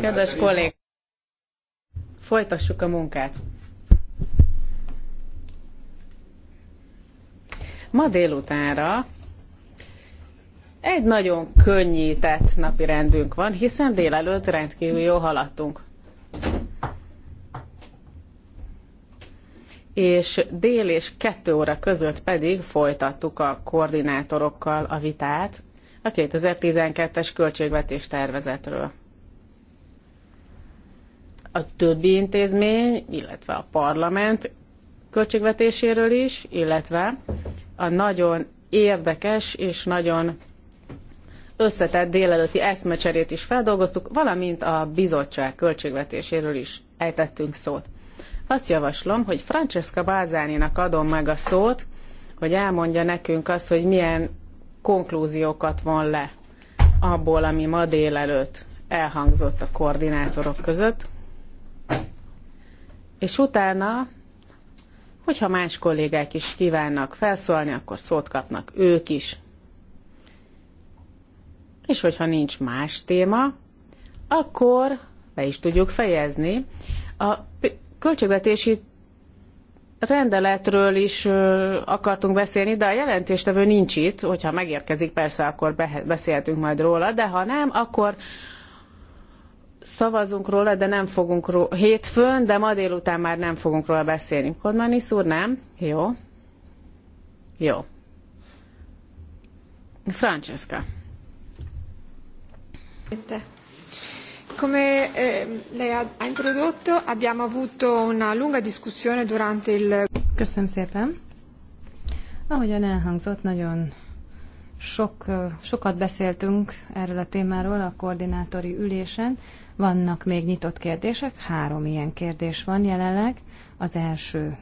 Kedves kollég, folytassuk a munkát. Ma délutánra egy nagyon könnyített napi rendünk van, hiszen délelőtt rendkívül jól haladtunk. és dél és kettő óra között pedig folytattuk a koordinátorokkal a vitát a 2012-es költségvetés tervezetről. A többi intézmény, illetve a parlament költségvetéséről is, illetve a nagyon érdekes és nagyon összetett délelőtti eszmecserét is feldolgoztuk, valamint a bizottság költségvetéséről is ejtettünk szót. Azt javaslom, hogy Francesca Bázáninak adom meg a szót, hogy elmondja nekünk azt, hogy milyen konklúziókat von le abból, ami ma délelőtt elhangzott a koordinátorok között, és utána, hogyha más kollégák is kívánnak felszólni, akkor szót kapnak ők is. És hogyha nincs más téma, akkor be is tudjuk fejezni. A költségvetési rendeletről is akartunk beszélni, de a jelentéstevő nincs itt, hogyha megérkezik, persze akkor beszélhetünk majd róla, de ha nem, akkor szavazunk róla, de nem fogunk róla, hétfőn, de ma délután már nem fogunk róla beszélni. Kodmani szúr, nem? Jó. Jó. Francesca. Itt come eh, lei ha introdotto, abbiamo avuto una lunga discussione durante il... Köszönöm szépen. Ahogyan elhangzott, nagyon sok, sokat beszéltünk erről a témáról a koordinátori ülésen. Vannak még nyitott kérdések, három ilyen kérdés van jelenleg. Az első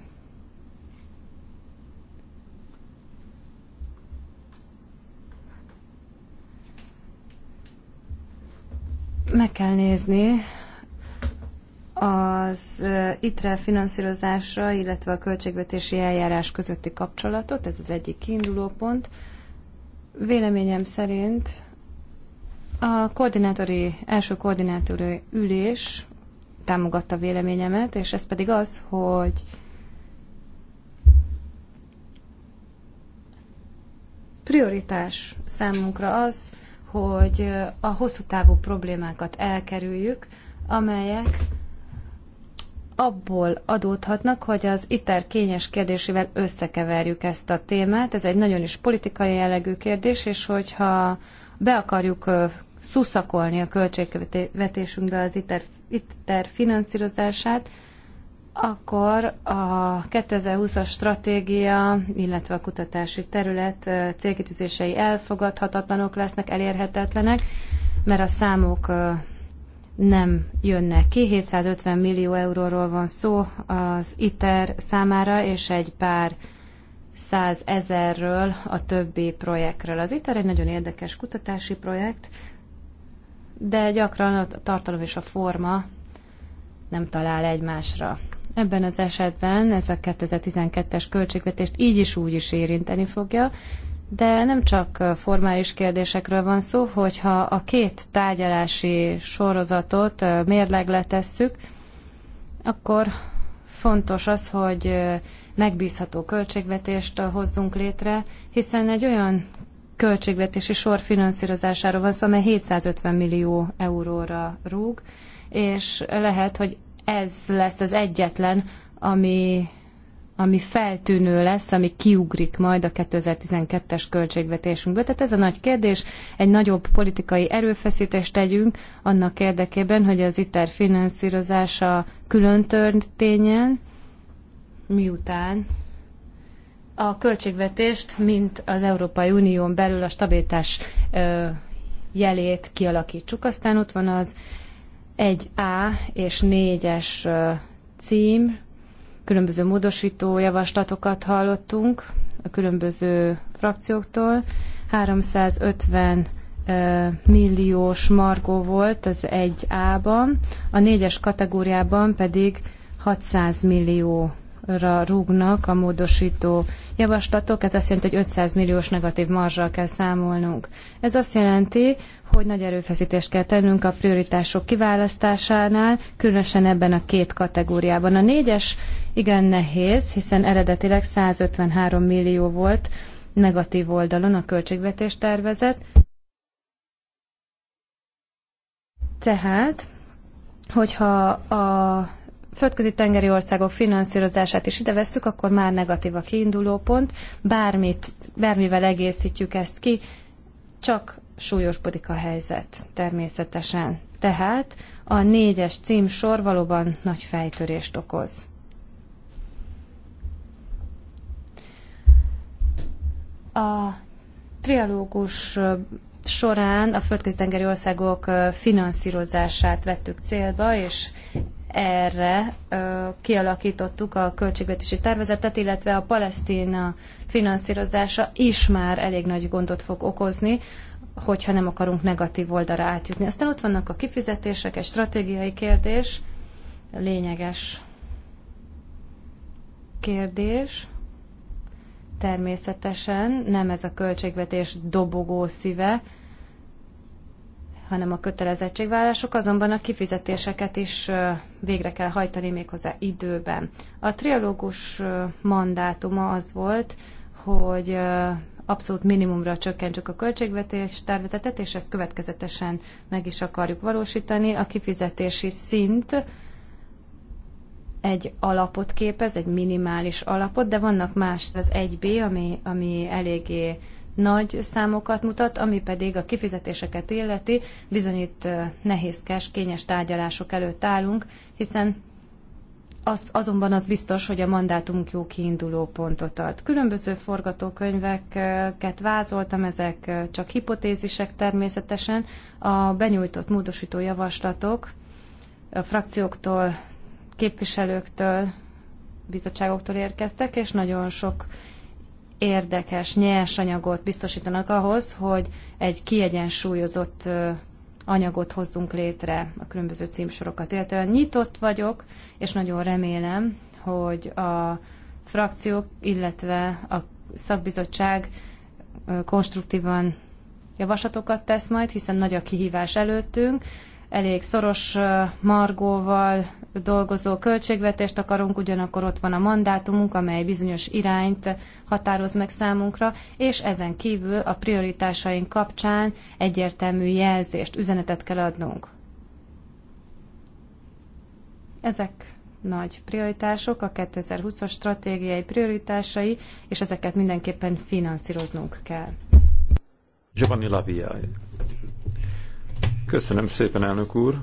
Meg kell nézni az ITRE finanszírozása, illetve a költségvetési eljárás közötti kapcsolatot, ez az egyik kiinduló pont. Véleményem szerint a koordinátori, első koordinátori ülés támogatta véleményemet, és ez pedig az, hogy prioritás számunkra az, hogy a hosszú távú problémákat elkerüljük, amelyek abból adódhatnak, hogy az ITER kényes kérdésével összekeverjük ezt a témát. Ez egy nagyon is politikai jellegű kérdés, és hogyha be akarjuk szuszakolni a költségvetésünkbe az ITER, ITER finanszírozását, akkor a 2020-as stratégia, illetve a kutatási terület célkitűzései elfogadhatatlanok lesznek, elérhetetlenek, mert a számok nem jönnek ki. 750 millió euróról van szó az ITER számára, és egy pár száz ezerről a többi projektről. Az ITER egy nagyon érdekes kutatási projekt, de gyakran a tartalom és a forma nem talál egymásra. Ebben az esetben ez a 2012-es költségvetést így is úgy is érinteni fogja, de nem csak formális kérdésekről van szó, hogyha a két tárgyalási sorozatot mérlegletesszük, akkor fontos az, hogy megbízható költségvetést hozzunk létre, hiszen egy olyan költségvetési sor finanszírozásáról van szó, amely 750 millió euróra rúg, és lehet, hogy ez lesz az egyetlen, ami, ami feltűnő lesz, ami kiugrik majd a 2012-es költségvetésünkből. Tehát ez a nagy kérdés, egy nagyobb politikai erőfeszítést tegyünk annak érdekében, hogy az ITER finanszírozása külön történjen, miután a költségvetést, mint az Európai Unión belül a stabilitás jelét kialakítsuk. Aztán ott van az 1A és 4-es cím, különböző módosító javaslatokat hallottunk a különböző frakcióktól. 350 milliós margó volt az 1A-ban, a 4-es kategóriában pedig 600 millió ra rúgnak a módosító javaslatok, ez azt jelenti, hogy 500 milliós negatív marzsal kell számolnunk. Ez azt jelenti, hogy nagy erőfeszítést kell tennünk a prioritások kiválasztásánál, különösen ebben a két kategóriában. A négyes igen nehéz, hiszen eredetileg 153 millió volt negatív oldalon a költségvetés tervezet. Tehát, hogyha a földközi tengeri országok finanszírozását is ide vesszük, akkor már negatív a kiinduló pont. Bármit, bármivel egészítjük ezt ki, csak súlyosbodik a helyzet természetesen. Tehát a négyes cím sor valóban nagy fejtörést okoz. A trialógus során a földközi-tengeri országok finanszírozását vettük célba, és erre kialakítottuk a költségvetési tervezetet, illetve a palesztin finanszírozása is már elég nagy gondot fog okozni, hogyha nem akarunk negatív oldalra átjutni. Aztán ott vannak a kifizetések, egy stratégiai kérdés, lényeges kérdés. Természetesen nem ez a költségvetés dobogó szíve, hanem a kötelezettségvállások, azonban a kifizetéseket is végre kell hajtani méghozzá időben. A trialógus mandátuma az volt, hogy abszolút minimumra csökkentsük a költségvetés tervezetet, és ezt következetesen meg is akarjuk valósítani. A kifizetési szint egy alapot képez, egy minimális alapot, de vannak más, az 1B, ami, ami eléggé nagy számokat mutat, ami pedig a kifizetéseket illeti, bizony itt nehézkes, kényes tárgyalások előtt állunk, hiszen az, azonban az biztos, hogy a mandátumunk jó kiinduló pontot ad. Különböző forgatókönyveket vázoltam, ezek csak hipotézisek természetesen. A benyújtott módosító javaslatok a frakcióktól, képviselőktől, bizottságoktól érkeztek, és nagyon sok érdekes nyersanyagot biztosítanak ahhoz, hogy egy kiegyensúlyozott anyagot hozzunk létre a különböző címsorokat. Illetve nyitott vagyok, és nagyon remélem, hogy a frakciók, illetve a szakbizottság konstruktívan javaslatokat tesz majd, hiszen nagy a kihívás előttünk, elég szoros margóval dolgozó költségvetést akarunk, ugyanakkor ott van a mandátumunk, amely bizonyos irányt határoz meg számunkra, és ezen kívül a prioritásaink kapcsán egyértelmű jelzést, üzenetet kell adnunk. Ezek nagy prioritások, a 2020-as stratégiai prioritásai, és ezeket mindenképpen finanszíroznunk kell. Giovanni Lavia Köszönöm szépen, elnök úr.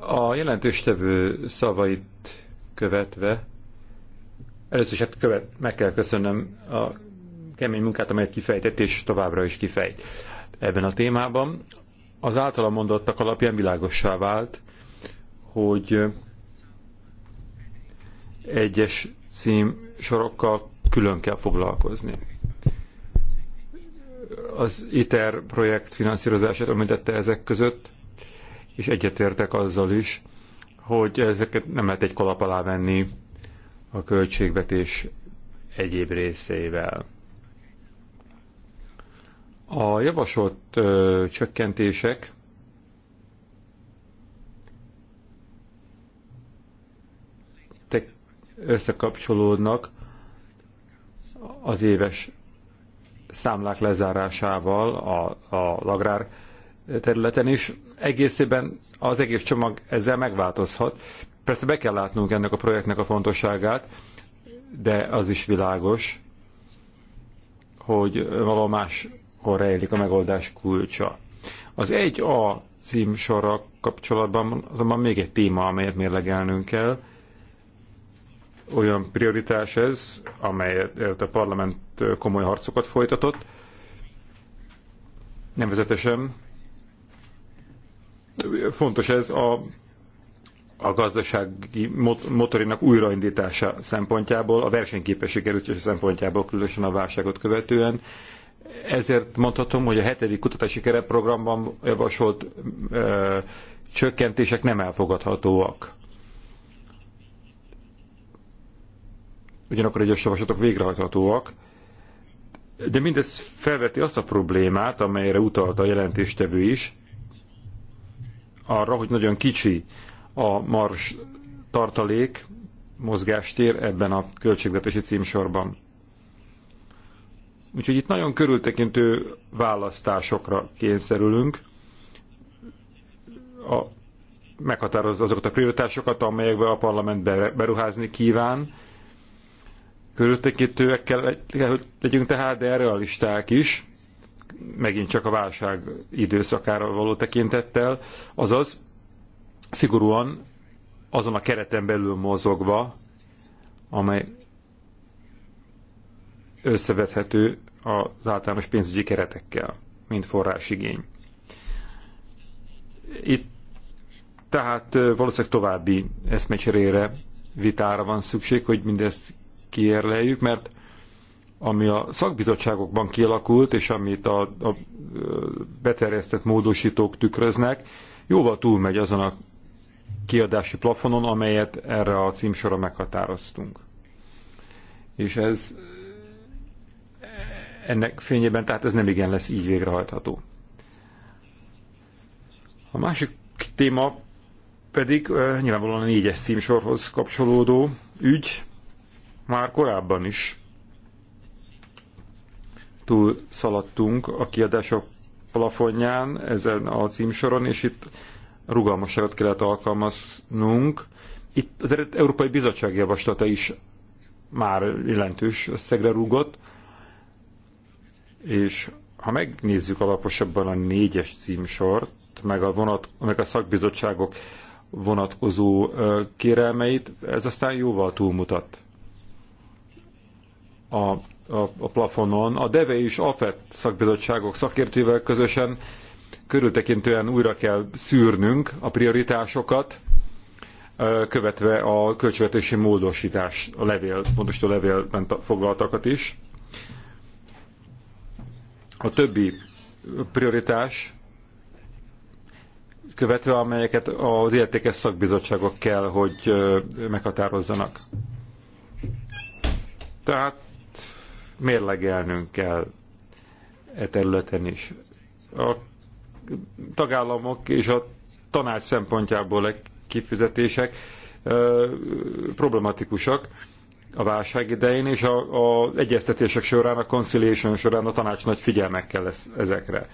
A jelentéstevő szavait követve, először is hát követ, meg kell köszönnöm a kemény munkát, amelyet kifejtett, és továbbra is kifejt ebben a témában. Az általam mondottak alapján világossá vált, hogy egyes cím sorokkal külön kell foglalkozni az ITER projekt finanszírozását említette ezek között, és egyetértek azzal is, hogy ezeket nem lehet egy kalap alá venni a költségvetés egyéb részeivel. A javasolt ö, csökkentések összekapcsolódnak az éves számlák lezárásával a, a agrár területen is. Egészében az egész csomag ezzel megváltozhat. Persze be kell látnunk ennek a projektnek a fontosságát, de az is világos, hogy való máshol rejlik a megoldás kulcsa. Az 1A címsorral kapcsolatban azonban még egy téma, amelyet mérlegelnünk kell, olyan prioritás ez, amelyet a parlament komoly harcokat folytatott, nevezetesen fontos ez a, a gazdasági motorinak újraindítása szempontjából, a versenyképesség erősítése szempontjából, különösen a válságot követően. Ezért mondhatom, hogy a hetedik kutatási keretprogramban javasolt ö, csökkentések nem elfogadhatóak. ugyanakkor egyes javaslatok végrehajthatóak, de mindez felveti azt a problémát, amelyre utalta a jelentéstevő is, arra, hogy nagyon kicsi a mars tartalék, mozgástér ebben a költségvetési címsorban. Úgyhogy itt nagyon körültekintő választásokra kényszerülünk, a, meghatároz azokat a prioritásokat, amelyekbe a parlament beruházni kíván, körültekintőek kell, hogy legyünk tehát, de realisták is, megint csak a válság időszakára való tekintettel, azaz szigorúan azon a kereten belül mozogva, amely összevethető az általános pénzügyi keretekkel, mint forrásigény. Itt tehát valószínűleg további eszmecserére, vitára van szükség, hogy mindezt kiérleljük, mert ami a szakbizottságokban kialakult, és amit a, a beterjesztett módosítók tükröznek, jóval túlmegy azon a kiadási plafonon, amelyet erre a címsorra meghatároztunk. És ez ennek fényében, tehát ez nem igen lesz így végrehajtható. A másik téma pedig nyilvánvalóan a négyes címsorhoz kapcsolódó ügy, már korábban is túl szaladtunk a kiadások plafonján ezen a címsoron, és itt rugalmasságot kellett alkalmaznunk. Itt az Európai Bizottság javaslata is már jelentős összegre rúgott, és ha megnézzük alaposabban a négyes címsort, meg a, vonat, meg a szakbizottságok vonatkozó kérelmeit, ez aztán jóval túlmutat a, a, a plafonon. A DEVE és AFET szakbizottságok szakértővel közösen körültekintően újra kell szűrnünk a prioritásokat, követve a költségvetési módosítás, a levél, pontosan a levélben foglaltakat is. A többi prioritás követve, amelyeket az illetékes szakbizottságok kell, hogy meghatározzanak. Tehát mérlegelnünk kell e területen is. A tagállamok és a tanács szempontjából a e kifizetések problematikusak a válság idején, és a, a egyeztetések során, a conciliation során a tanács nagy figyelmek kell lesz ezekre.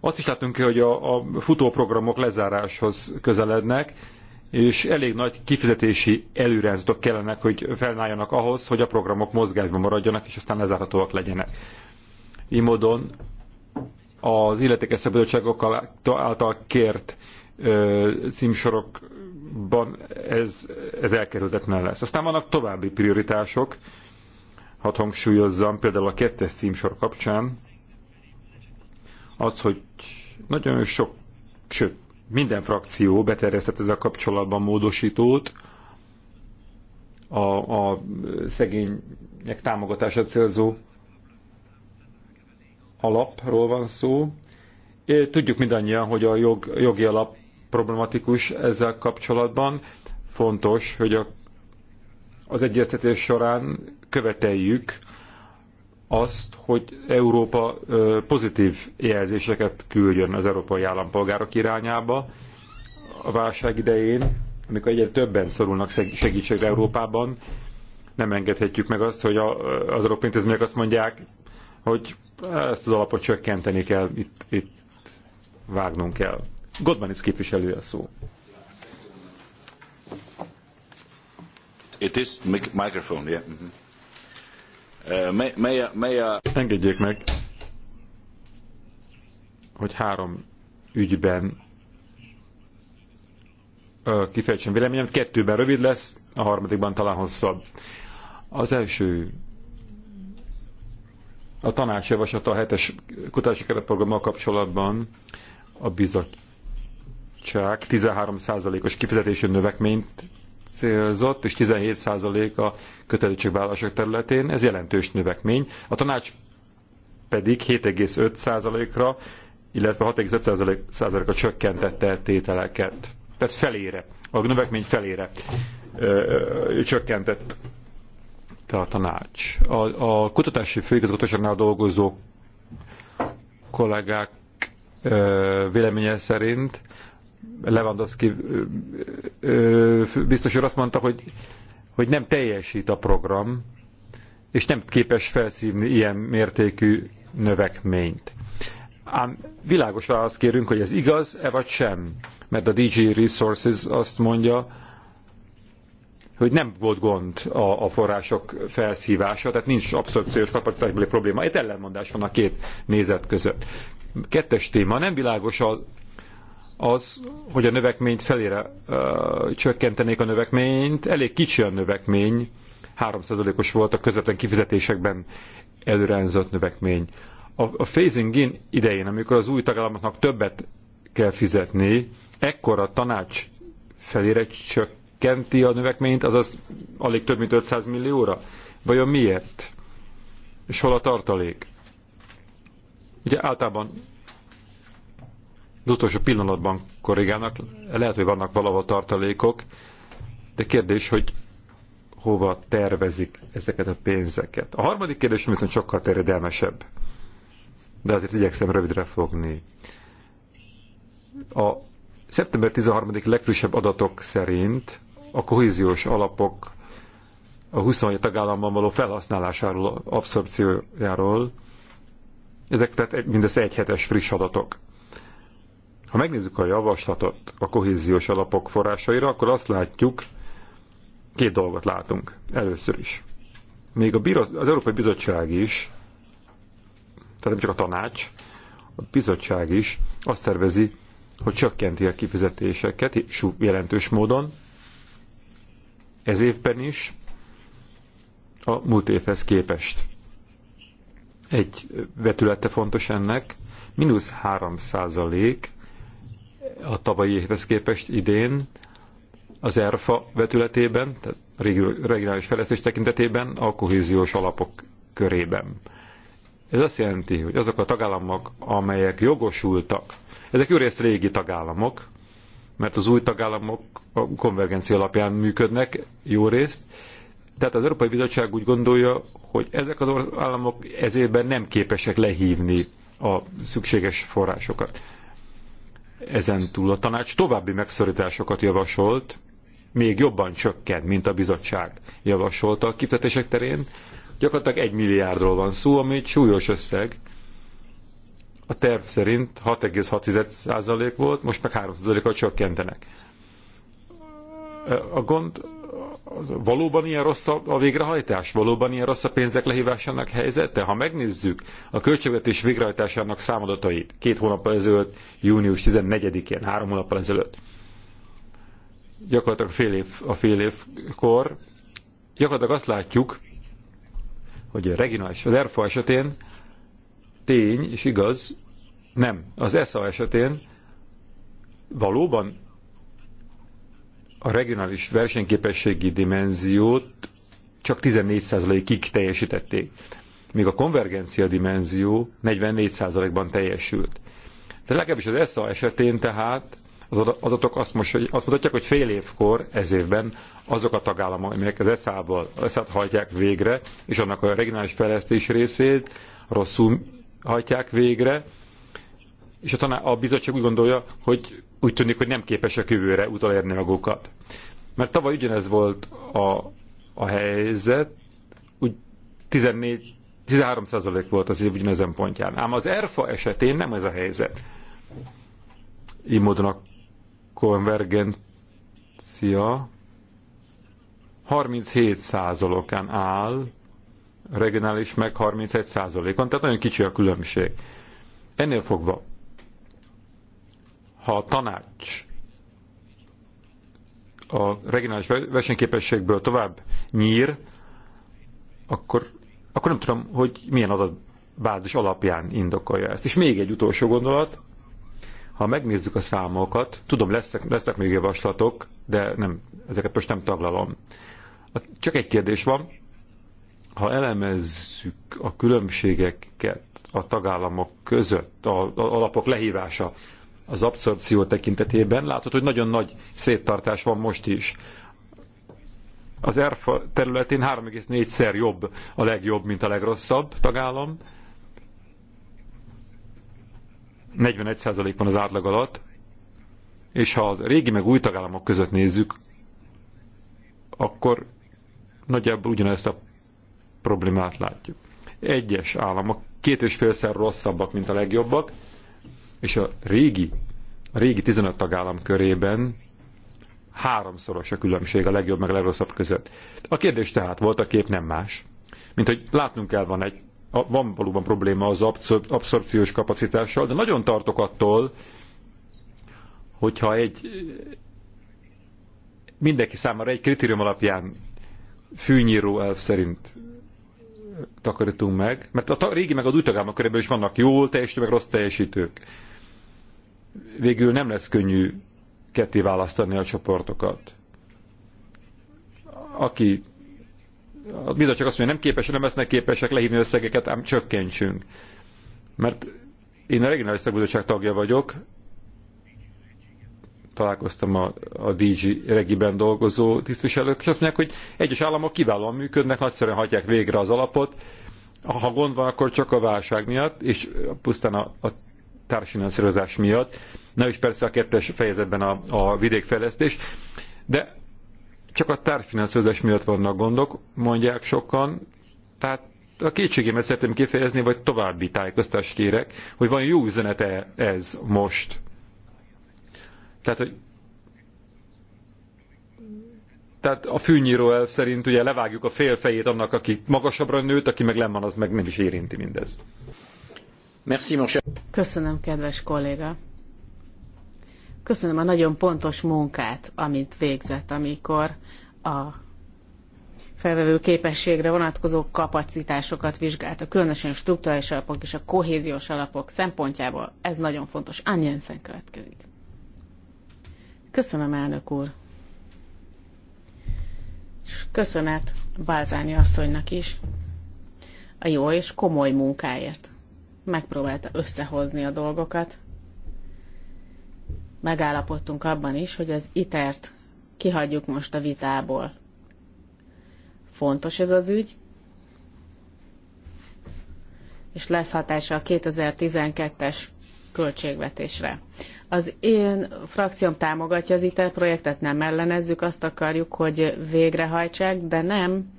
Azt is látunk ki, hogy a, a futóprogramok lezáráshoz közelednek, és elég nagy kifizetési előrehajzatok kellenek, hogy felnáljanak ahhoz, hogy a programok mozgásban maradjanak, és aztán lezárhatóak legyenek. Így módon az illetékes szabadságok által kért ö, címsorokban ez, ez elkerülhetetlen lesz. Aztán vannak további prioritások, hadd hangsúlyozzam, például a kettes címsor kapcsán, az, hogy nagyon sok, sőt, minden frakció beterjesztett ezzel kapcsolatban módosítót a, a szegények támogatása célzó alapról van szó. Tudjuk mindannyian, hogy a jog, jogi alap problematikus ezzel kapcsolatban. Fontos, hogy a, az egyeztetés során követeljük azt, hogy Európa pozitív jelzéseket küldjön az európai állampolgárok irányába a válság idején, amikor egyre többen szorulnak segítségre Európában, nem engedhetjük meg azt, hogy az európai intézmények azt mondják, hogy ezt az alapot csökkenteni kell, itt, itt vágnunk kell. Godmanis képviselő a szó. It is microphone, yeah. Mm -hmm. Eh, mely, mely, a... Engedjék meg, hogy három ügyben kifejtsem véleményem. Kettőben rövid lesz, a harmadikban talán hosszabb. Az első a tanács javaslata a hetes kutatási keretprogrammal kapcsolatban a bizottság 13%-os kifizetési növekményt célzott, és 17% a kötelezettségvállalások területén, ez jelentős növekmény. A tanács pedig 7,5%-ra, illetve 6,5%-ra csökkentette tételeket. Tehát felére, a növekmény felére ö, csökkentett a tanács. A, a kutatási főigazgatóságnál dolgozó kollégák ö, véleménye szerint Lewandowski biztos úr azt mondta, hogy, hogy nem teljesít a program, és nem képes felszívni ilyen mértékű növekményt. Ám világos választ kérünk, hogy ez igaz-e vagy sem, mert a DG Resources azt mondja, hogy nem volt gond a, a források felszívása, tehát nincs abszorpciós kapacitásbeli probléma. Itt ellenmondás van a két nézet között. Kettes téma, nem világos a az, hogy a növekményt felére ö, csökkentenék a növekményt. Elég kicsi a növekmény, 3%-os volt a közvetlen kifizetésekben előrehányzott növekmény. A, a phasing in idején, amikor az új tagállamoknak többet kell fizetni, ekkor a tanács felére csökkenti a növekményt, azaz alig több mint 500 millióra? Vajon miért? És hol a tartalék? Ugye általában az utolsó pillanatban korrigálnak. Lehet, hogy vannak valahol tartalékok, de kérdés, hogy hova tervezik ezeket a pénzeket. A harmadik kérdés viszont sokkal terjedelmesebb, de azért igyekszem rövidre fogni. A szeptember 13. legfrissebb adatok szerint a kohéziós alapok a 27 tagállamban való felhasználásáról, abszorpciójáról, ezek tehát mindössze egy hetes friss adatok. Ha megnézzük a javaslatot a kohéziós alapok forrásaira, akkor azt látjuk, két dolgot látunk. Először is. Még a bíroz, az Európai Bizottság is, tehát nem csak a tanács, a bizottság is azt tervezi, hogy csökkenti a kifizetéseket jelentős módon, ez évben is, a múlt évhez képest. Egy vetülete fontos ennek, mínusz 3 százalék a tavalyi évhez képest idén az ERFA vetületében, tehát regionális fejlesztés tekintetében a kohéziós alapok körében. Ez azt jelenti, hogy azok a tagállamok, amelyek jogosultak, ezek jó részt régi tagállamok, mert az új tagállamok a konvergencia alapján működnek jó részt, tehát az Európai Bizottság úgy gondolja, hogy ezek az államok ezében nem képesek lehívni a szükséges forrásokat. Ezen túl a tanács további megszorításokat javasolt, még jobban csökken, mint a bizottság javasolta a kifizetések terén. Gyakorlatilag egy milliárdról van szó, ami egy súlyos összeg. A terv szerint 6,6% volt, most meg 3%-kal csökkentenek. A gond valóban ilyen rossz a végrehajtás? Valóban ilyen rossz a pénzek lehívásának helyzete? Ha megnézzük a költségvetés végrehajtásának számadatait két hónappal ezelőtt, június 14-én, három hónappal ezelőtt, gyakorlatilag fél év, a fél évkor, gyakorlatilag azt látjuk, hogy a regionális, az ERFA esetén tény és igaz, nem, az ESA esetén valóban a regionális versenyképességi dimenziót csak 14%-ig teljesítették, míg a konvergencia dimenzió 44%-ban teljesült. De legalábbis az ESZA esetén tehát az adatok azt, most, hogy azt mutatják, hogy fél évkor, ez évben azok a tagállamok, amelyek az esza val esza t hajtják végre, és annak a regionális fejlesztés részét rosszul hajtják végre, és a, taná- a bizottság úgy gondolja, hogy úgy tűnik, hogy nem képesek jövőre utolérni magukat. Mert tavaly ugyanez volt a, a helyzet, úgy 14, 13 százalék volt az év ugyanezen pontján. Ám az ERFA esetén nem ez a helyzet. Így módon a konvergencia 37 százalokán áll, regionális meg 31 százalékon, tehát nagyon kicsi a különbség. Ennél fogva ha a tanács a regionális versenyképességből tovább nyír, akkor, akkor nem tudom, hogy milyen adatbázis alapján indokolja ezt. És még egy utolsó gondolat, ha megnézzük a számokat, tudom, lesznek, lesznek még javaslatok, de nem, ezeket most nem taglalom. Csak egy kérdés van, ha elemezzük a különbségeket a tagállamok között, a, a alapok lehívása az abszorpció tekintetében. Látod, hogy nagyon nagy széttartás van most is. Az ERFA területén 3,4-szer jobb a legjobb, mint a legrosszabb tagállam. 41% van az átlag alatt, és ha az régi meg új tagállamok között nézzük, akkor nagyjából ugyanezt a problémát látjuk. Egyes államok két és félszer rosszabbak, mint a legjobbak, és a régi, a régi 15 tagállam körében háromszoros a különbség a legjobb meg a legrosszabb között. A kérdés tehát volt a kép nem más, mint hogy látnunk kell van egy, van valóban probléma az abszor- abszorpciós kapacitással, de nagyon tartok attól, hogyha egy mindenki számára egy kritérium alapján fűnyíró elv szerint takarítunk meg, mert a régi meg az új tagállamok körében is vannak jól teljesítő, meg rossz teljesítők végül nem lesz könnyű ketté választani a csoportokat. Aki a csak azt mondja, nem képes, nem lesznek képesek lehívni összegeket, ám csökkentsünk. Mert én a regionális szakbizottság tagja vagyok, találkoztam a, a DG regiben dolgozó tisztviselők, és azt mondják, hogy egyes államok kiválóan működnek, nagyszerűen hagyják végre az alapot, ha gond van, akkor csak a válság miatt, és pusztán a, a társfinanszírozás miatt. Na és persze a kettes fejezetben a, a vidékfejlesztés. De csak a társfinanszírozás miatt vannak gondok, mondják sokan. Tehát a kétségémet szeretném kifejezni, vagy további tájékoztást kérek, hogy van jó üzenete ez most. Tehát, hogy tehát a fűnyíró elv szerint ugye levágjuk a fél fejét annak, aki magasabbra nőtt, aki meg lemmal, az meg nem is érinti mindez. Köszönöm, kedves kolléga. Köszönöm a nagyon pontos munkát, amit végzett, amikor a felvevő képességre vonatkozó kapacitásokat vizsgálta, különösen a struktúrális alapok és a kohéziós alapok szempontjából. Ez nagyon fontos. Anjensen következik. Köszönöm, elnök úr. És köszönet Bálzáni asszonynak is a jó és komoly munkáért megpróbálta összehozni a dolgokat. Megállapodtunk abban is, hogy az itert kihagyjuk most a vitából. Fontos ez az ügy, és lesz hatása a 2012-es költségvetésre. Az én frakcióm támogatja az ITER projektet, nem ellenezzük, azt akarjuk, hogy végrehajtsák, de nem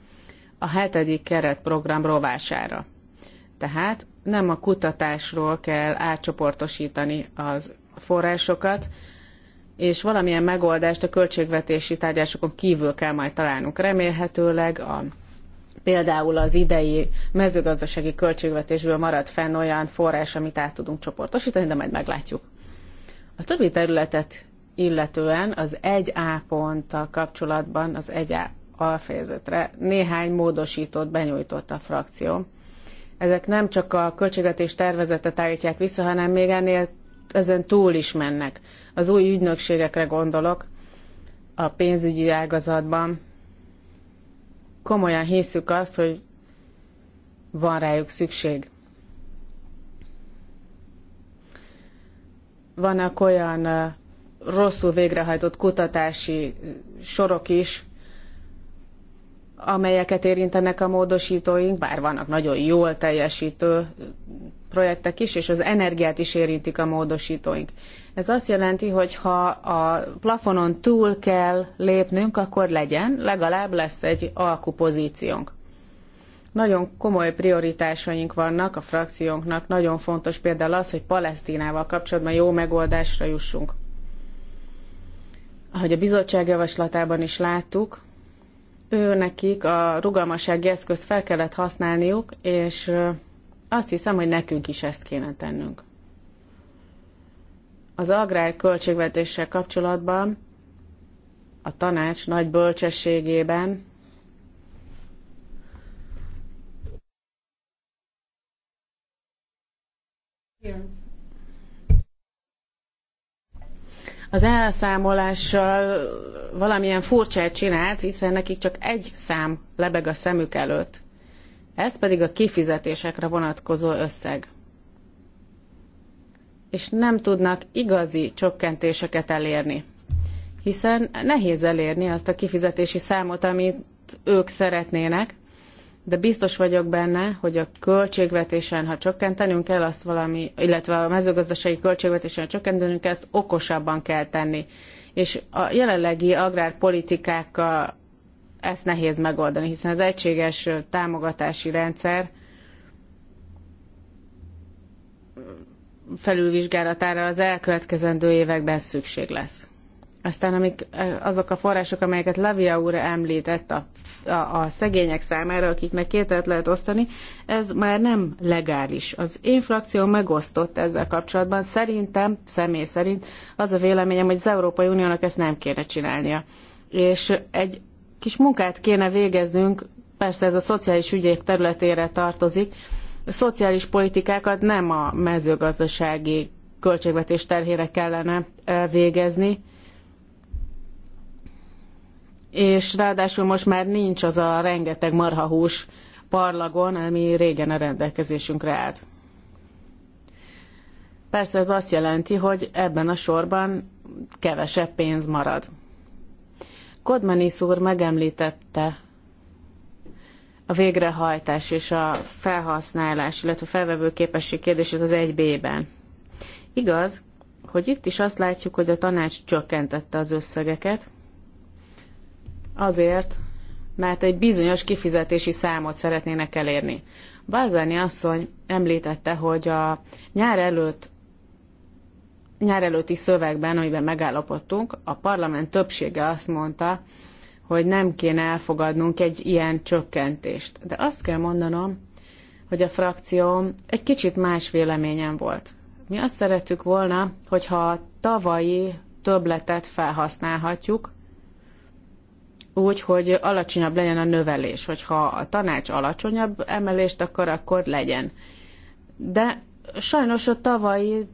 a hetedik keretprogram rovására. Tehát nem a kutatásról kell átcsoportosítani az forrásokat, és valamilyen megoldást a költségvetési tárgyásokon kívül kell majd találnunk. Remélhetőleg a, például az idei mezőgazdasági költségvetésből marad fenn olyan forrás, amit át tudunk csoportosítani, de majd meglátjuk. A többi területet illetően az 1A ponttal kapcsolatban az 1A alfejezetre néhány módosítót benyújtott a frakció ezek nem csak a költségvetés tervezetet állítják vissza, hanem még ennél ezen túl is mennek. Az új ügynökségekre gondolok a pénzügyi ágazatban. Komolyan hiszük azt, hogy van rájuk szükség. Vannak olyan rosszul végrehajtott kutatási sorok is, amelyeket érintenek a módosítóink, bár vannak nagyon jól teljesítő projektek is, és az energiát is érintik a módosítóink. Ez azt jelenti, hogy ha a plafonon túl kell lépnünk, akkor legyen, legalább lesz egy alkupozíciónk. Nagyon komoly prioritásaink vannak a frakciónknak, nagyon fontos például az, hogy Palesztinával kapcsolatban jó megoldásra jussunk. Ahogy a bizottság javaslatában is láttuk, ő nekik a rugalmassági eszközt fel kellett használniuk, és azt hiszem, hogy nekünk is ezt kéne tennünk. Az agrár költségvetéssel kapcsolatban a tanács nagy bölcsességében Yes. az elszámolással valamilyen furcsát csinált, hiszen nekik csak egy szám lebeg a szemük előtt. Ez pedig a kifizetésekre vonatkozó összeg. És nem tudnak igazi csökkentéseket elérni, hiszen nehéz elérni azt a kifizetési számot, amit ők szeretnének, de biztos vagyok benne, hogy a költségvetésen, ha csökkentenünk kell azt valami, illetve a mezőgazdasági költségvetésen ha csökkentenünk kell, ezt okosabban kell tenni. És a jelenlegi agrárpolitikákkal ezt nehéz megoldani, hiszen az egységes támogatási rendszer felülvizsgálatára az elkövetkezendő években szükség lesz. Aztán amik, azok a források, amelyeket Lavia úr említett a, a, a szegények számára, akiknek kételt lehet osztani, ez már nem legális. Az én frakció megosztott ezzel kapcsolatban. Szerintem, személy szerint az a véleményem, hogy az Európai Uniónak ezt nem kéne csinálnia. És egy kis munkát kéne végeznünk, persze ez a szociális ügyek területére tartozik, a szociális politikákat nem a mezőgazdasági költségvetés terhére kellene végezni, és ráadásul most már nincs az a rengeteg marhahús parlagon, ami régen a rendelkezésünkre állt. Persze ez azt jelenti, hogy ebben a sorban kevesebb pénz marad. Kodmanis úr megemlítette a végrehajtás és a felhasználás, illetve a felvevő képesség kérdését az 1B-ben. Igaz, hogy itt is azt látjuk, hogy a tanács csökkentette az összegeket, Azért, mert egy bizonyos kifizetési számot szeretnének elérni. Balzani asszony említette, hogy a nyár előtt nyár előtti szövegben, amiben megállapodtunk, a parlament többsége azt mondta, hogy nem kéne elfogadnunk egy ilyen csökkentést. De azt kell mondanom, hogy a frakcióm egy kicsit más véleményen volt. Mi azt szerettük volna, hogyha a tavalyi többletet felhasználhatjuk, úgy, hogy alacsonyabb legyen a növelés. Hogyha a tanács alacsonyabb emelést akar, akkor legyen. De sajnos a tavalyi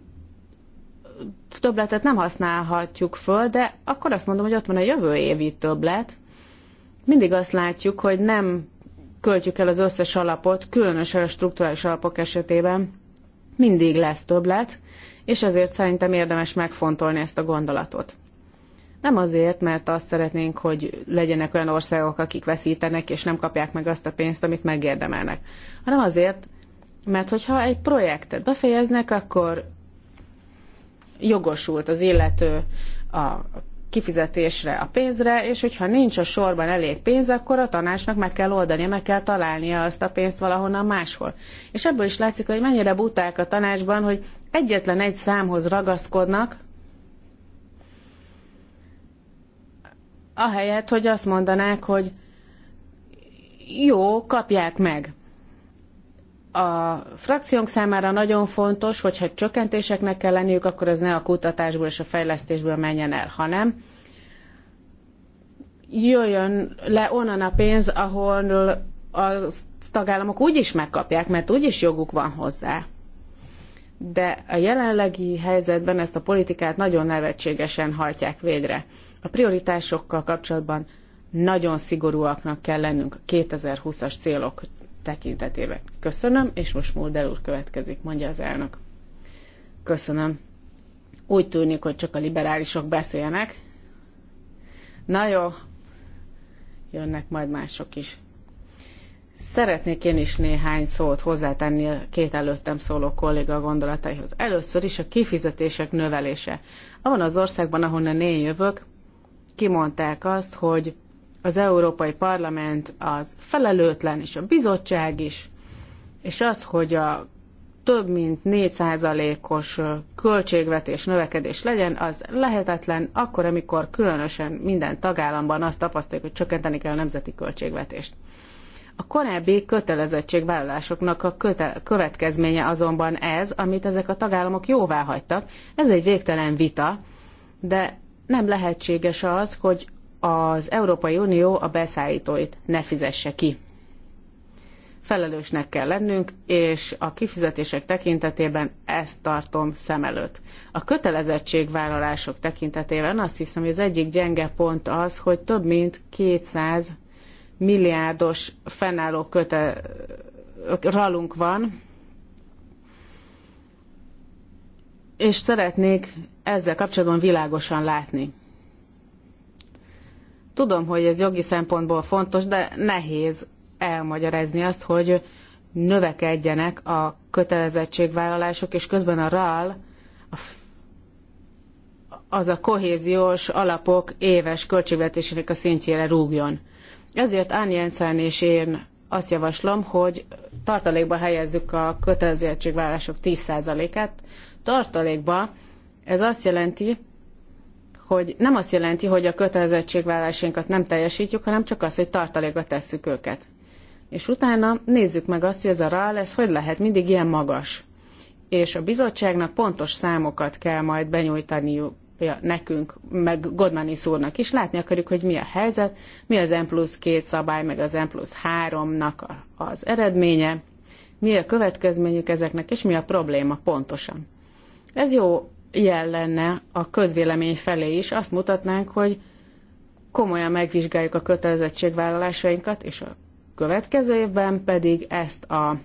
többletet nem használhatjuk föl, de akkor azt mondom, hogy ott van a jövő évi többlet. Mindig azt látjuk, hogy nem költjük el az összes alapot, különösen a struktúrális alapok esetében mindig lesz többlet, és ezért szerintem érdemes megfontolni ezt a gondolatot. Nem azért, mert azt szeretnénk, hogy legyenek olyan országok, akik veszítenek, és nem kapják meg azt a pénzt, amit megérdemelnek, hanem azért, mert hogyha egy projektet befejeznek, akkor jogosult az illető a kifizetésre, a pénzre, és hogyha nincs a sorban elég pénz, akkor a tanácsnak meg kell oldania, meg kell találnia azt a pénzt valahonnan máshol. És ebből is látszik, hogy mennyire buták a tanácsban, hogy egyetlen egy számhoz ragaszkodnak, ahelyett, hogy azt mondanák, hogy jó, kapják meg. A frakciónk számára nagyon fontos, hogyha csökkentéseknek kell lenniük, akkor ez ne a kutatásból és a fejlesztésből menjen el, hanem jöjjön le onnan a pénz, ahol a tagállamok úgyis megkapják, mert úgyis joguk van hozzá. De a jelenlegi helyzetben ezt a politikát nagyon nevetségesen hajtják végre. A prioritásokkal kapcsolatban nagyon szigorúaknak kell lennünk a 2020-as célok tekintetében. Köszönöm, és most Mulder úr következik, mondja az elnök. Köszönöm. Úgy tűnik, hogy csak a liberálisok beszélnek. Na jó, jönnek majd mások is. Szeretnék én is néhány szót hozzátenni a két előttem szóló kolléga gondolataihoz. Először is a kifizetések növelése. Abban az országban, ahonnan én jövök, kimondták azt, hogy az Európai Parlament az felelőtlen, és a bizottság is, és az, hogy a több mint 4%-os költségvetés növekedés legyen, az lehetetlen akkor, amikor különösen minden tagállamban azt tapasztaljuk, hogy csökkenteni kell a nemzeti költségvetést. A korábbi kötelezettségvállalásoknak a köte- következménye azonban ez, amit ezek a tagállamok jóvá hagytak. Ez egy végtelen vita, de nem lehetséges az, hogy az Európai Unió a beszállítóit ne fizesse ki. Felelősnek kell lennünk, és a kifizetések tekintetében ezt tartom szem előtt. A kötelezettségvállalások tekintetében azt hiszem, hogy az egyik gyenge pont az, hogy több mint 200 milliárdos fennálló köte ralunk van, és szeretnék ezzel kapcsolatban világosan látni. Tudom, hogy ez jogi szempontból fontos, de nehéz elmagyarázni azt, hogy növekedjenek a kötelezettségvállalások, és közben a RAL, az a kohéziós alapok éves költségvetésének a szintjére rúgjon. Ezért Ann Jensen és én azt javaslom, hogy tartalékba helyezzük a kötelezettségvállalások 10%-át, tartalékba, ez azt jelenti, hogy nem azt jelenti, hogy a kötelezettségvállásainkat nem teljesítjük, hanem csak az, hogy tartalékba tesszük őket. És utána nézzük meg azt, hogy ez a rá lesz, hogy lehet mindig ilyen magas. És a bizottságnak pontos számokat kell majd benyújtaniuk nekünk, meg Godmani szúrnak is, látni akarjuk, hogy mi a helyzet, mi az M plusz két szabály, meg az M plusz háromnak az eredménye, mi a következményük ezeknek, és mi a probléma pontosan. Ez jó jel lenne a közvélemény felé is, azt mutatnánk, hogy komolyan megvizsgáljuk a kötelezettségvállalásainkat, és a következő évben pedig ezt a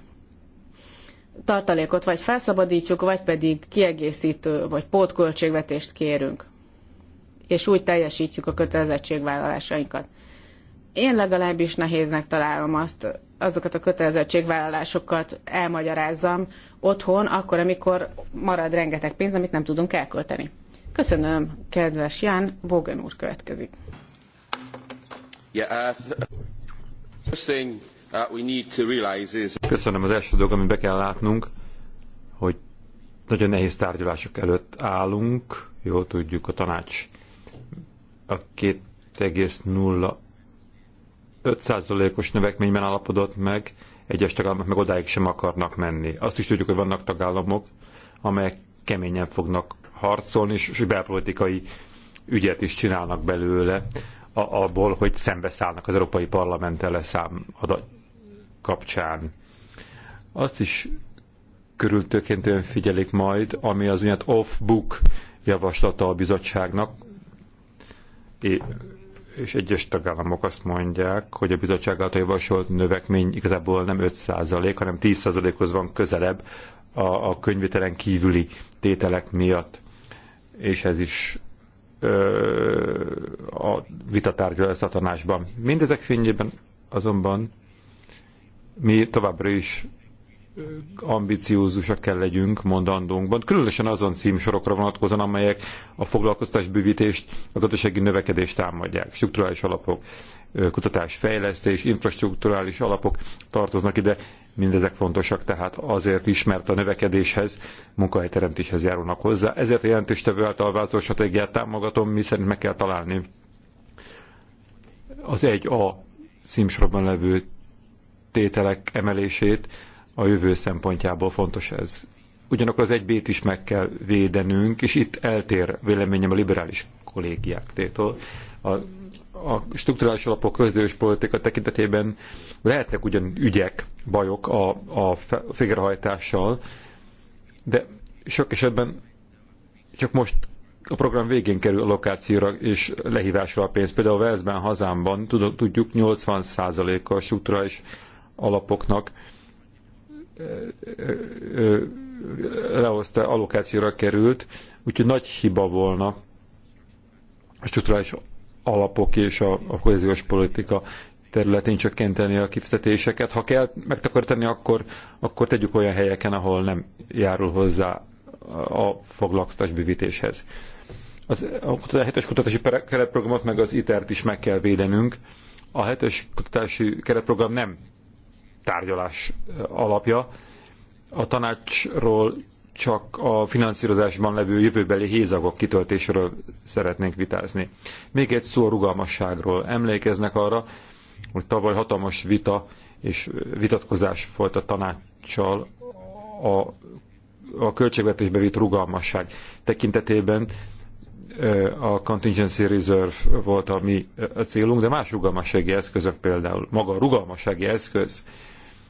tartalékot vagy felszabadítjuk, vagy pedig kiegészítő vagy pótköltségvetést kérünk, és úgy teljesítjük a kötelezettségvállalásainkat. Én legalábbis nehéznek találom azt, azokat a kötelezettségvállalásokat elmagyarázzam otthon, akkor, amikor marad rengeteg pénz, amit nem tudunk elkölteni. Köszönöm, kedves Ján, Bogen úr következik. Uh, Köszönöm, az első dolog, amit be kell látnunk, hogy nagyon nehéz tárgyalások előtt állunk, jól tudjuk, a tanács a 2,0 5%-os növekményben állapodott meg, egyes tagállamok meg odáig sem akarnak menni. Azt is tudjuk, hogy vannak tagállamok, amelyek keményen fognak harcolni, és belpolitikai ügyet is csinálnak belőle, abból, hogy szembeszállnak az Európai Parlament leszám kapcsán. Azt is körültőként figyelik majd, ami az úgynevezett off-book javaslata a bizottságnak, és egyes tagállamok azt mondják, hogy a bizottság által javasolt növekmény igazából nem 5% hanem 10%-hoz van közelebb a, a könyvételen kívüli tételek miatt. És ez is ö, a vitatárgya lesz a tanásban. Mindezek fényében azonban mi továbbra is ambiciózusak kell legyünk mondandónkban, különösen azon címsorokra vonatkozóan, amelyek a foglalkoztás bővítést, a gazdasági növekedést támadják. Strukturális alapok, kutatás, fejlesztés, infrastruktúrális alapok tartoznak ide, mindezek fontosak, tehát azért is, mert a növekedéshez, munkahelyteremtéshez járulnak hozzá. Ezért a jelentéstevő által változó stratégiát támogatom, mi szerint meg kell találni az egy a címsorban levő tételek emelését, a jövő szempontjából fontos ez. Ugyanakkor az egybét is meg kell védenünk, és itt eltér véleményem a liberális kollégiáktól. A, a strukturális alapok közös politika tekintetében lehetnek ugyan ügyek, bajok a, a végrehajtással, de sok esetben csak most a program végén kerül lokációra és lehívásra a pénz. Például Velszben, hazámban tudjuk 80%-a a strukturális alapoknak lehozta, allokációra került, úgyhogy nagy hiba volna a struktúrális alapok és a, a kohéziós politika területén csökkenteni a kifizetéseket. Ha kell megtakarítani, akkor, akkor tegyük olyan helyeken, ahol nem járul hozzá a foglalkoztatás bővítéshez. Az, a hetes kutatási keretprogramot meg az ITER-t e is meg kell védenünk. A hetes kutatási keretprogram nem tárgyalás eh, alapja. A tanácsról csak a finanszírozásban levő jövőbeli hézagok kitöltéséről szeretnénk vitázni. Még egy szó a rugalmasságról. Emlékeznek arra, hogy tavaly hatalmas vita és eh, vitatkozás folyt a tanácssal a, a költségvetésbe vitt rugalmasság tekintetében eh, a contingency reserve volt a mi célunk, de más rugalmassági eszközök például, maga a rugalmassági eszköz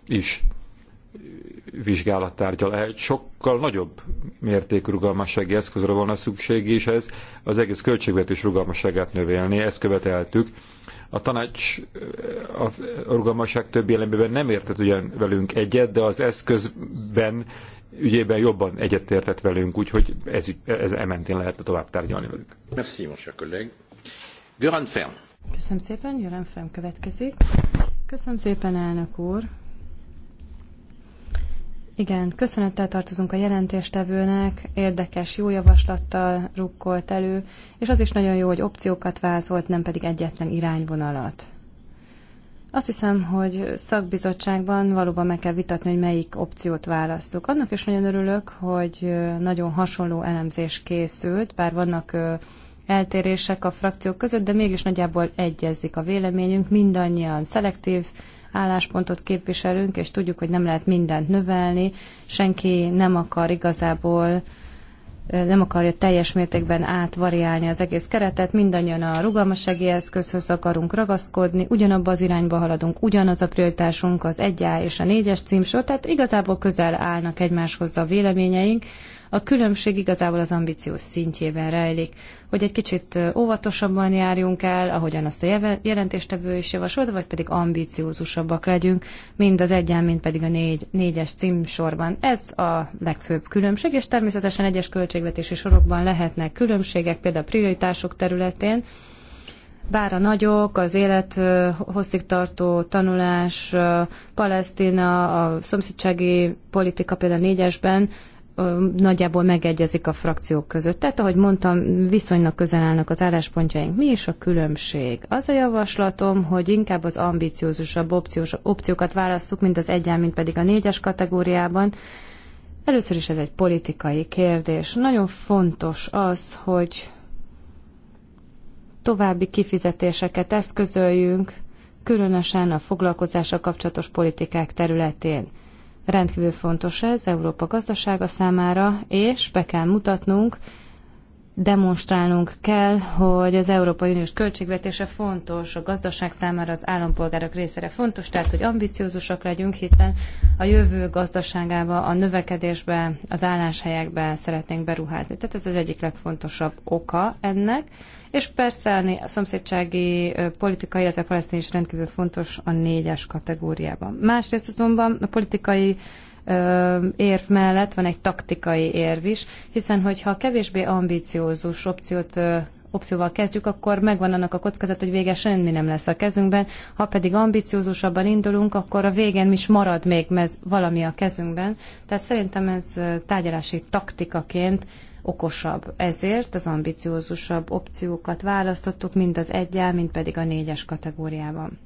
is vizsgálattárgya lehet. Sokkal nagyobb mértékű rugalmassági eszközre volna szükség, és ez az egész költségvetés rugalmasságát növelni, ezt követeltük. A tanács a rugalmasság többi elemében nem értett ugyan velünk egyet, de az eszközben ügyében jobban egyetértett velünk, úgyhogy ez, ez ementén lehetne tovább tárgyalni velük. Merci, monsieur cher collègue. Göran Köszönöm szépen, Göran Fem következik. Köszönöm szépen, elnök úr. Igen, köszönettel tartozunk a jelentéstevőnek, érdekes, jó javaslattal rukkolt elő, és az is nagyon jó, hogy opciókat vázolt, nem pedig egyetlen irányvonalat. Azt hiszem, hogy szakbizottságban valóban meg kell vitatni, hogy melyik opciót választjuk. Annak is nagyon örülök, hogy nagyon hasonló elemzés készült, bár vannak eltérések a frakciók között, de mégis nagyjából egyezik a véleményünk, mindannyian szelektív álláspontot képviselünk, és tudjuk, hogy nem lehet mindent növelni, senki nem akar igazából nem akarja teljes mértékben átvariálni az egész keretet, mindannyian a rugalmassági eszközhöz akarunk ragaszkodni, ugyanabba az irányba haladunk, ugyanaz a prioritásunk az 1A és a 4-es címsor, tehát igazából közel állnak egymáshoz a véleményeink, a különbség igazából az ambíció szintjében rejlik, hogy egy kicsit óvatosabban járjunk el, ahogyan azt a jelentéstevő is javasolta, vagy pedig ambíciózusabbak legyünk, mind az egyen, mind pedig a négy, négyes címsorban. Ez a legfőbb különbség, és természetesen egyes költségvetési sorokban lehetnek különbségek, például a prioritások területén, bár a nagyok, az élet tartó tanulás, Palesztina, a szomszédsági politika például négyesben nagyjából megegyezik a frakciók között. Tehát, ahogy mondtam, viszonylag közel állnak az álláspontjaink. Mi is a különbség? Az a javaslatom, hogy inkább az ambiciózusabb opciós, opciókat válasszuk, mint az egyen, mint pedig a négyes kategóriában. Először is ez egy politikai kérdés. Nagyon fontos az, hogy további kifizetéseket eszközöljünk, különösen a foglalkozással kapcsolatos politikák területén. Rendkívül fontos ez Európa gazdasága számára, és be kell mutatnunk, demonstrálnunk kell, hogy az Európai Uniós költségvetése fontos, a gazdaság számára az állampolgárok részére fontos, tehát hogy ambiciózusak legyünk, hiszen a jövő gazdaságába, a növekedésbe, az álláshelyekbe szeretnénk beruházni. Tehát ez az egyik legfontosabb oka ennek és persze a szomszédsági politika, illetve a palesztin is rendkívül fontos a négyes kategóriában. Másrészt azonban a politikai érv mellett van egy taktikai érv is, hiszen hogyha kevésbé ambiciózus opciót opcióval kezdjük, akkor megvan annak a kockázat, hogy végesen semmi nem lesz a kezünkben. Ha pedig ambiciózusabban indulunk, akkor a végén is marad még mez valami a kezünkben. Tehát szerintem ez tárgyalási taktikaként okosabb. Ezért az ambiciózusabb opciókat választottuk, mind az egyel, mind pedig a négyes kategóriában.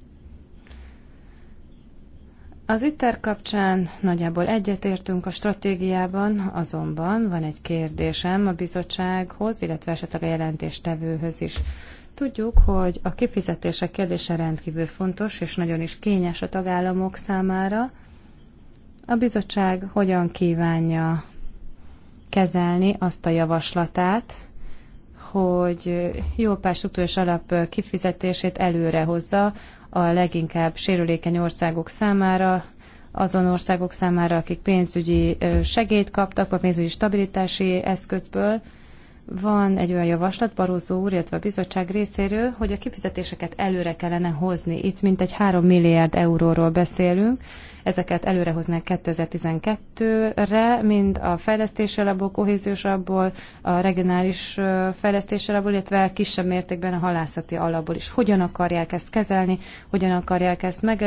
Az ITER kapcsán nagyjából egyetértünk a stratégiában, azonban van egy kérdésem a bizottsághoz, illetve esetleg a jelentéstevőhöz is. Tudjuk, hogy a kifizetések kérdése rendkívül fontos, és nagyon is kényes a tagállamok számára. A bizottság hogyan kívánja kezelni azt a javaslatát, hogy jó pársutós alap kifizetését előre hozza a leginkább sérülékeny országok számára, azon országok számára, akik pénzügyi segélyt kaptak a pénzügyi stabilitási eszközből, van egy olyan javaslat Barózó úr, illetve a bizottság részéről, hogy a kifizetéseket előre kellene hozni. Itt mintegy 3 milliárd euróról beszélünk, ezeket előrehoznák 2012-re, mind a fejlesztési alapból, kohéziós alapból, a regionális fejlesztési alapból, illetve kisebb mértékben a halászati alapból is. Hogyan akarják ezt kezelni, hogyan akarják ezt meg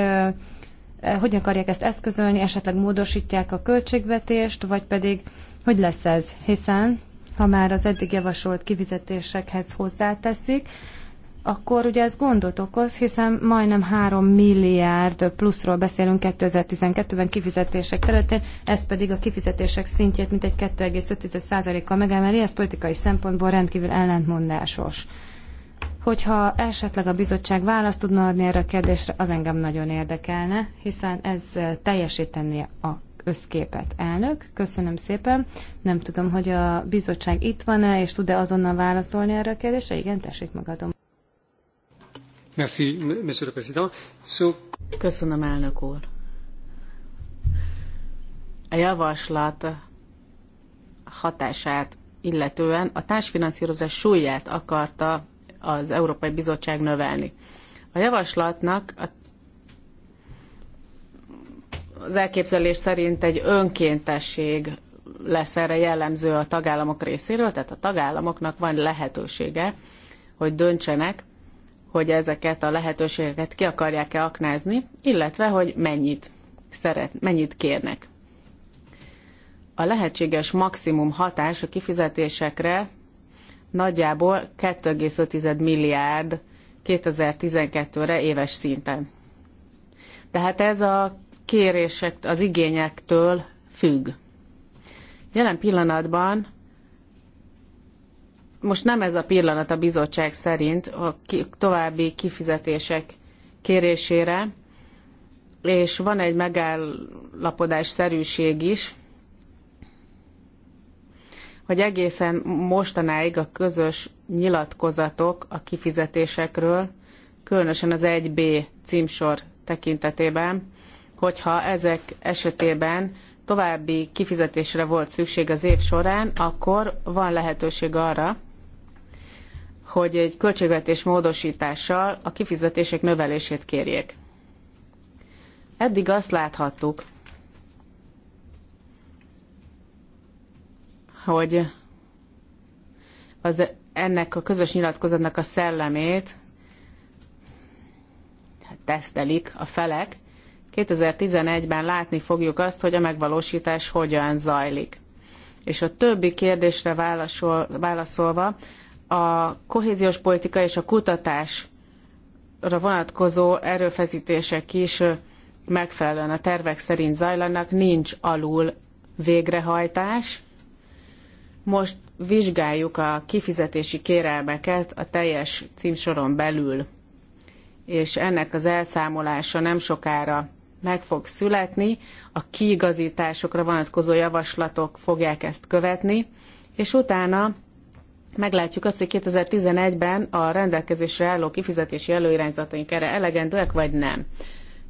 hogyan akarják ezt eszközölni, esetleg módosítják a költségvetést, vagy pedig hogy lesz ez? Hiszen ha már az eddig javasolt kifizetésekhez hozzáteszik, akkor ugye ez gondot okoz, hiszen majdnem 3 milliárd pluszról beszélünk 2012-ben kifizetések területén, ez pedig a kifizetések szintjét mintegy 2,5%-kal megemeli, ez politikai szempontból rendkívül ellentmondásos. Hogyha esetleg a bizottság választ tudna adni erre a kérdésre, az engem nagyon érdekelne, hiszen ez teljesítenie a összképet. Elnök, köszönöm szépen. Nem tudom, hogy a bizottság itt van-e, és tud-e azonnal válaszolni erre a kérdésre. Igen, tessék magadom. Merci, monsieur le président. So... Köszönöm, elnök úr. A javaslat hatását illetően a társfinanszírozás súlyát akarta az Európai Bizottság növelni. A javaslatnak a az elképzelés szerint egy önkéntesség lesz erre jellemző a tagállamok részéről, tehát a tagállamoknak van lehetősége, hogy döntsenek, hogy ezeket a lehetőségeket ki akarják-e aknázni, illetve hogy mennyit, szeret, mennyit kérnek. A lehetséges maximum hatás a kifizetésekre nagyjából 2,5 milliárd 2012-re éves szinten. Tehát ez a kérések, az igényektől függ. Jelen pillanatban most nem ez a pillanat a bizottság szerint a további kifizetések kérésére, és van egy megállapodás szerűség is, hogy egészen mostanáig a közös nyilatkozatok a kifizetésekről, különösen az 1B címsor tekintetében hogyha ezek esetében további kifizetésre volt szükség az év során, akkor van lehetőség arra, hogy egy költségvetés módosítással a kifizetések növelését kérjék. Eddig azt láthattuk, hogy az, ennek a közös nyilatkozatnak a szellemét tesztelik a felek, 2011-ben látni fogjuk azt, hogy a megvalósítás hogyan zajlik. És a többi kérdésre válaszolva, a kohéziós politika és a kutatásra vonatkozó erőfeszítések is megfelelően a tervek szerint zajlanak, nincs alul végrehajtás. Most vizsgáljuk a kifizetési kérelmeket a teljes címsoron belül, és ennek az elszámolása nem sokára meg fog születni, a kiigazításokra vonatkozó javaslatok fogják ezt követni, és utána meglátjuk azt, hogy 2011-ben a rendelkezésre álló kifizetési előirányzataink erre elegendőek, vagy nem.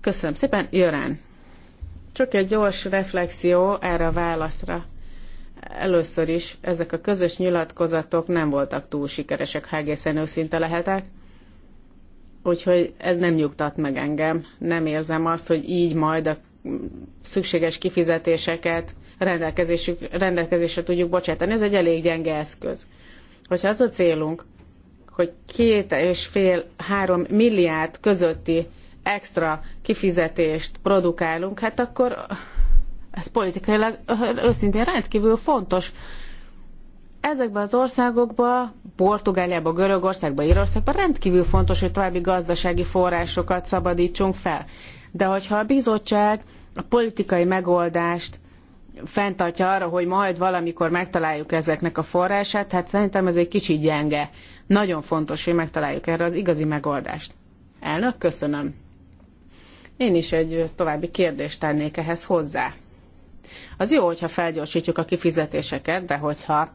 Köszönöm szépen, Jörán! Csak egy gyors reflexió erre a válaszra. Először is ezek a közös nyilatkozatok nem voltak túl sikeresek, ha egészen őszinte lehetek. Úgyhogy ez nem nyugtat meg engem. Nem érzem azt, hogy így majd a szükséges kifizetéseket rendelkezésre tudjuk bocsátani. Ez egy elég gyenge eszköz. Hogyha az a célunk, hogy két és fél, három milliárd közötti extra kifizetést produkálunk, hát akkor ez politikailag őszintén rendkívül fontos ezekben az országokban, Portugáliában, Görögországban, Írországban rendkívül fontos, hogy további gazdasági forrásokat szabadítsunk fel. De hogyha a bizottság a politikai megoldást fenntartja arra, hogy majd valamikor megtaláljuk ezeknek a forrását, hát szerintem ez egy kicsit gyenge. Nagyon fontos, hogy megtaláljuk erre az igazi megoldást. Elnök, köszönöm. Én is egy további kérdést tennék ehhez hozzá. Az jó, hogyha felgyorsítjuk a kifizetéseket, de hogyha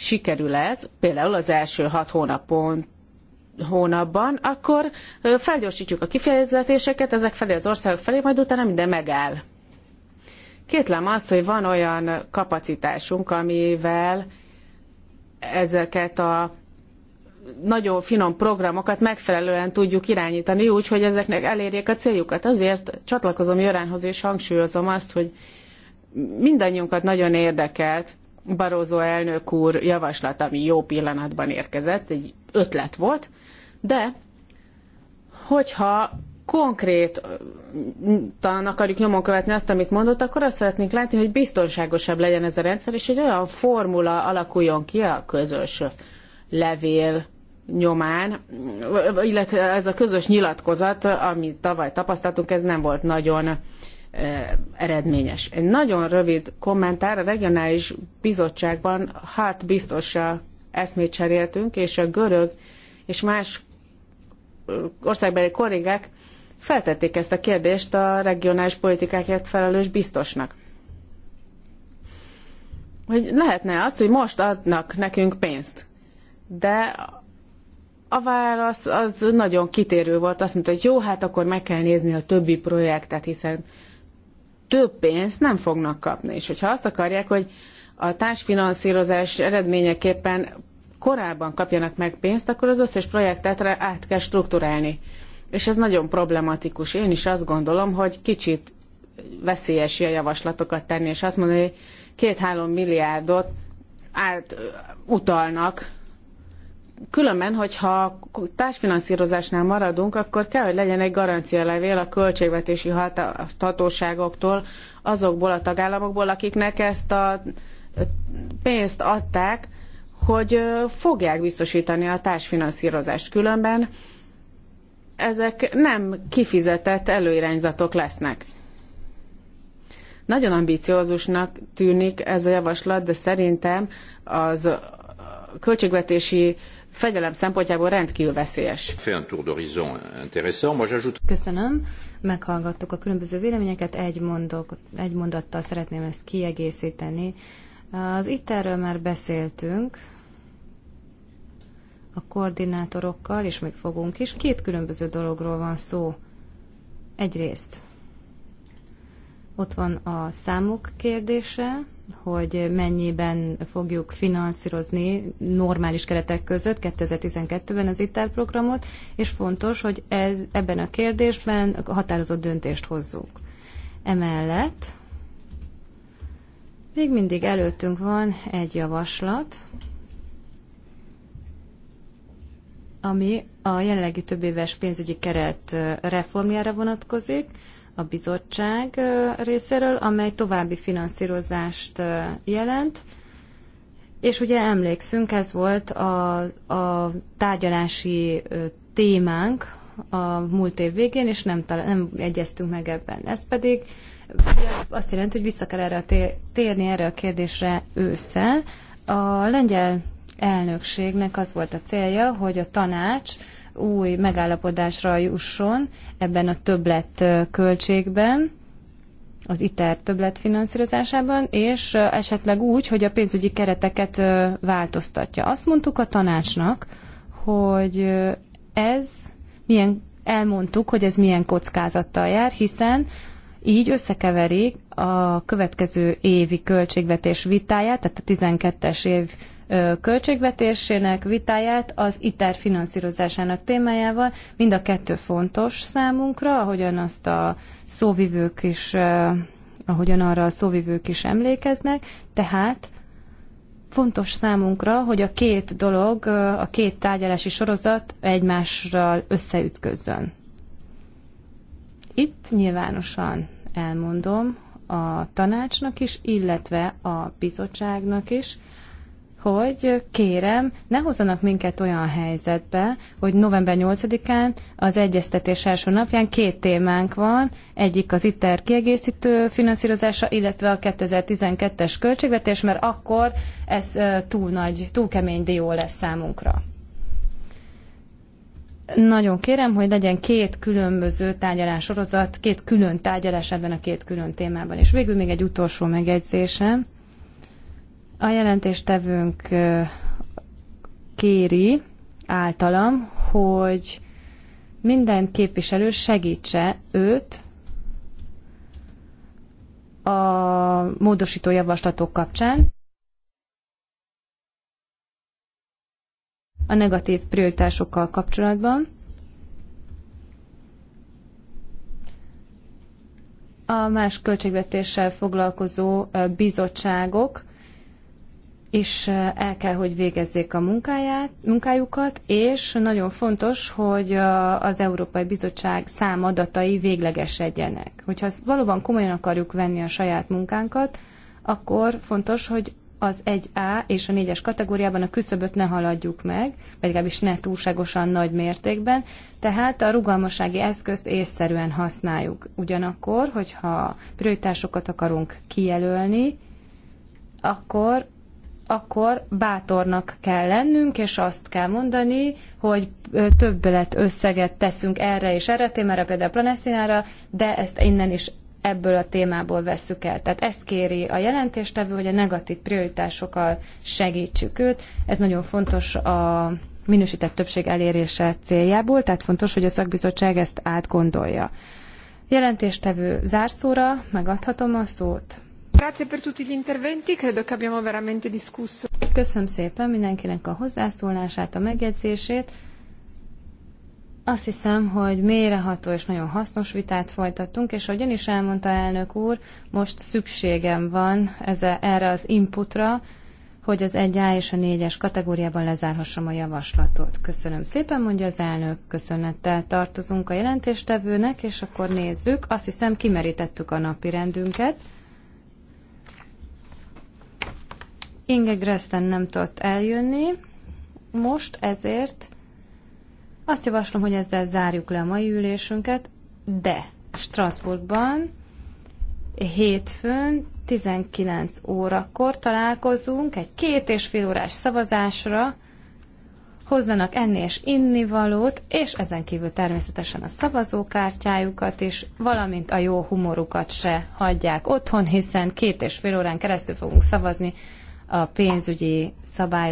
sikerül ez, például az első hat hónapon, hónapban, akkor felgyorsítjuk a kifizetéseket ezek felé az országok felé, majd utána minden megáll. Kétlem azt, hogy van olyan kapacitásunk, amivel ezeket a nagyon finom programokat megfelelően tudjuk irányítani, úgy, hogy ezeknek elérjék a céljukat. Azért csatlakozom Jöránhoz és hangsúlyozom azt, hogy mindannyiunkat nagyon érdekelt Barózó elnök úr javaslat, ami jó pillanatban érkezett, egy ötlet volt, de hogyha konkrétan akarjuk nyomon követni azt, amit mondott, akkor azt szeretnénk látni, hogy biztonságosabb legyen ez a rendszer, és egy olyan formula alakuljon ki a közös levél nyomán, illetve ez a közös nyilatkozat, amit tavaly tapasztaltunk, ez nem volt nagyon eredményes. Egy nagyon rövid kommentár, a regionális bizottságban Hart biztossal eszmét cseréltünk, és a görög és más országbeli kollégák feltették ezt a kérdést a regionális politikákért felelős biztosnak. Hogy lehetne azt, hogy most adnak nekünk pénzt, de a válasz az nagyon kitérő volt, azt mondta, hogy jó, hát akkor meg kell nézni a többi projektet, hiszen több pénzt nem fognak kapni. És hogyha azt akarják, hogy a társfinanszírozás eredményeképpen korábban kapjanak meg pénzt, akkor az összes projektet át kell strukturálni. És ez nagyon problematikus. Én is azt gondolom, hogy kicsit veszélyes a javaslatokat tenni, és azt mondani, hogy két-három milliárdot át utalnak különben, hogyha társfinanszírozásnál maradunk, akkor kell, hogy legyen egy garancialevél a költségvetési hatóságoktól, azokból a tagállamokból, akiknek ezt a pénzt adták, hogy fogják biztosítani a társfinanszírozást. Különben ezek nem kifizetett előirányzatok lesznek. Nagyon ambiciózusnak tűnik ez a javaslat, de szerintem az költségvetési fegyelem szempontjából rendkívül veszélyes. Köszönöm, meghallgattuk a különböző véleményeket, egy, mondok, egy mondattal szeretném ezt kiegészíteni. Az itt erről már beszéltünk, a koordinátorokkal, és még fogunk is. Két különböző dologról van szó. Egyrészt ott van a számok kérdése, hogy mennyiben fogjuk finanszírozni normális keretek között 2012-ben az ITER-programot, és fontos, hogy ez, ebben a kérdésben határozott döntést hozzuk. Emellett még mindig előttünk van egy javaslat, ami a jelenlegi többéves pénzügyi keret eh, reformjára vonatkozik, a bizottság részéről, amely további finanszírozást jelent. És ugye emlékszünk, ez volt a, a tárgyalási témánk a múlt év végén, és nem, talál, nem egyeztünk meg ebben. Ez pedig azt jelenti, hogy vissza kell erre a térni erre a kérdésre ősszel. A lengyel elnökségnek az volt a célja, hogy a tanács új megállapodásra jusson ebben a többlet költségben, az ITER többlet finanszírozásában, és esetleg úgy, hogy a pénzügyi kereteket változtatja. Azt mondtuk a tanácsnak, hogy ez milyen, elmondtuk, hogy ez milyen kockázattal jár, hiszen így összekeverik a következő évi költségvetés vitáját, tehát a 12-es év költségvetésének vitáját az ITER finanszírozásának témájával. Mind a kettő fontos számunkra, ahogyan azt a szóvivők is ahogyan arra a szóvivők is emlékeznek, tehát fontos számunkra, hogy a két dolog, a két tárgyalási sorozat egymással összeütközön. Itt nyilvánosan elmondom a tanácsnak is, illetve a bizottságnak is, hogy kérem, ne hozzanak minket olyan helyzetbe, hogy november 8-án az egyeztetés első napján két témánk van, egyik az ITER kiegészítő finanszírozása, illetve a 2012-es költségvetés, mert akkor ez túl nagy, túl kemény dió lesz számunkra. Nagyon kérem, hogy legyen két különböző tárgyalás két külön tárgyalás ebben a két külön témában. És végül még egy utolsó megjegyzésem a jelentéstevőnk kéri általam, hogy minden képviselő segítse őt a módosító javaslatok kapcsán. a negatív prioritásokkal kapcsolatban. A más költségvetéssel foglalkozó bizottságok is el kell, hogy végezzék a munkáját, munkájukat, és nagyon fontos, hogy az Európai Bizottság számadatai véglegesedjenek. Hogyha valóban komolyan akarjuk venni a saját munkánkat, akkor fontos, hogy az 1A és a 4-es kategóriában a küszöböt ne haladjuk meg, vagy legalábbis ne túlságosan nagy mértékben, tehát a rugalmassági eszközt észszerűen használjuk. Ugyanakkor, hogyha prioritásokat akarunk kijelölni, akkor akkor bátornak kell lennünk, és azt kell mondani, hogy többlet összeget teszünk erre és erre a témára, például Palesztinára, de ezt innen is ebből a témából vesszük el. Tehát ezt kéri a jelentéstevő, hogy a negatív prioritásokkal segítsük őt. Ez nagyon fontos a minősített többség elérése céljából, tehát fontos, hogy a szakbizottság ezt átgondolja. Jelentéstevő zárszóra megadhatom a szót. Grazie per tutti gli interventi, credo che abbiamo veramente discusso. Köszönöm szépen mindenkinek a hozzászólását, a megjegyzését. Azt hiszem, hogy mélyreható és nagyon hasznos vitát folytattunk, és ön is elmondta elnök úr, most szükségem van a, erre az inputra, hogy az 1A és a 4-es kategóriában lezárhassam a javaslatot. Köszönöm szépen, mondja az elnök, köszönettel tartozunk a jelentéstevőnek, és akkor nézzük. Azt hiszem, kimerítettük a napi rendünket. Inge Gresten nem tudott eljönni, most ezért azt javaslom, hogy ezzel zárjuk le a mai ülésünket, de Strasbourgban hétfőn 19 órakor találkozunk egy két és fél órás szavazásra, hozzanak enni és inni valót, és ezen kívül természetesen a szavazókártyájukat is, valamint a jó humorukat se hagyják otthon, hiszen két és fél órán keresztül fogunk szavazni, a pénzügyi szabályozás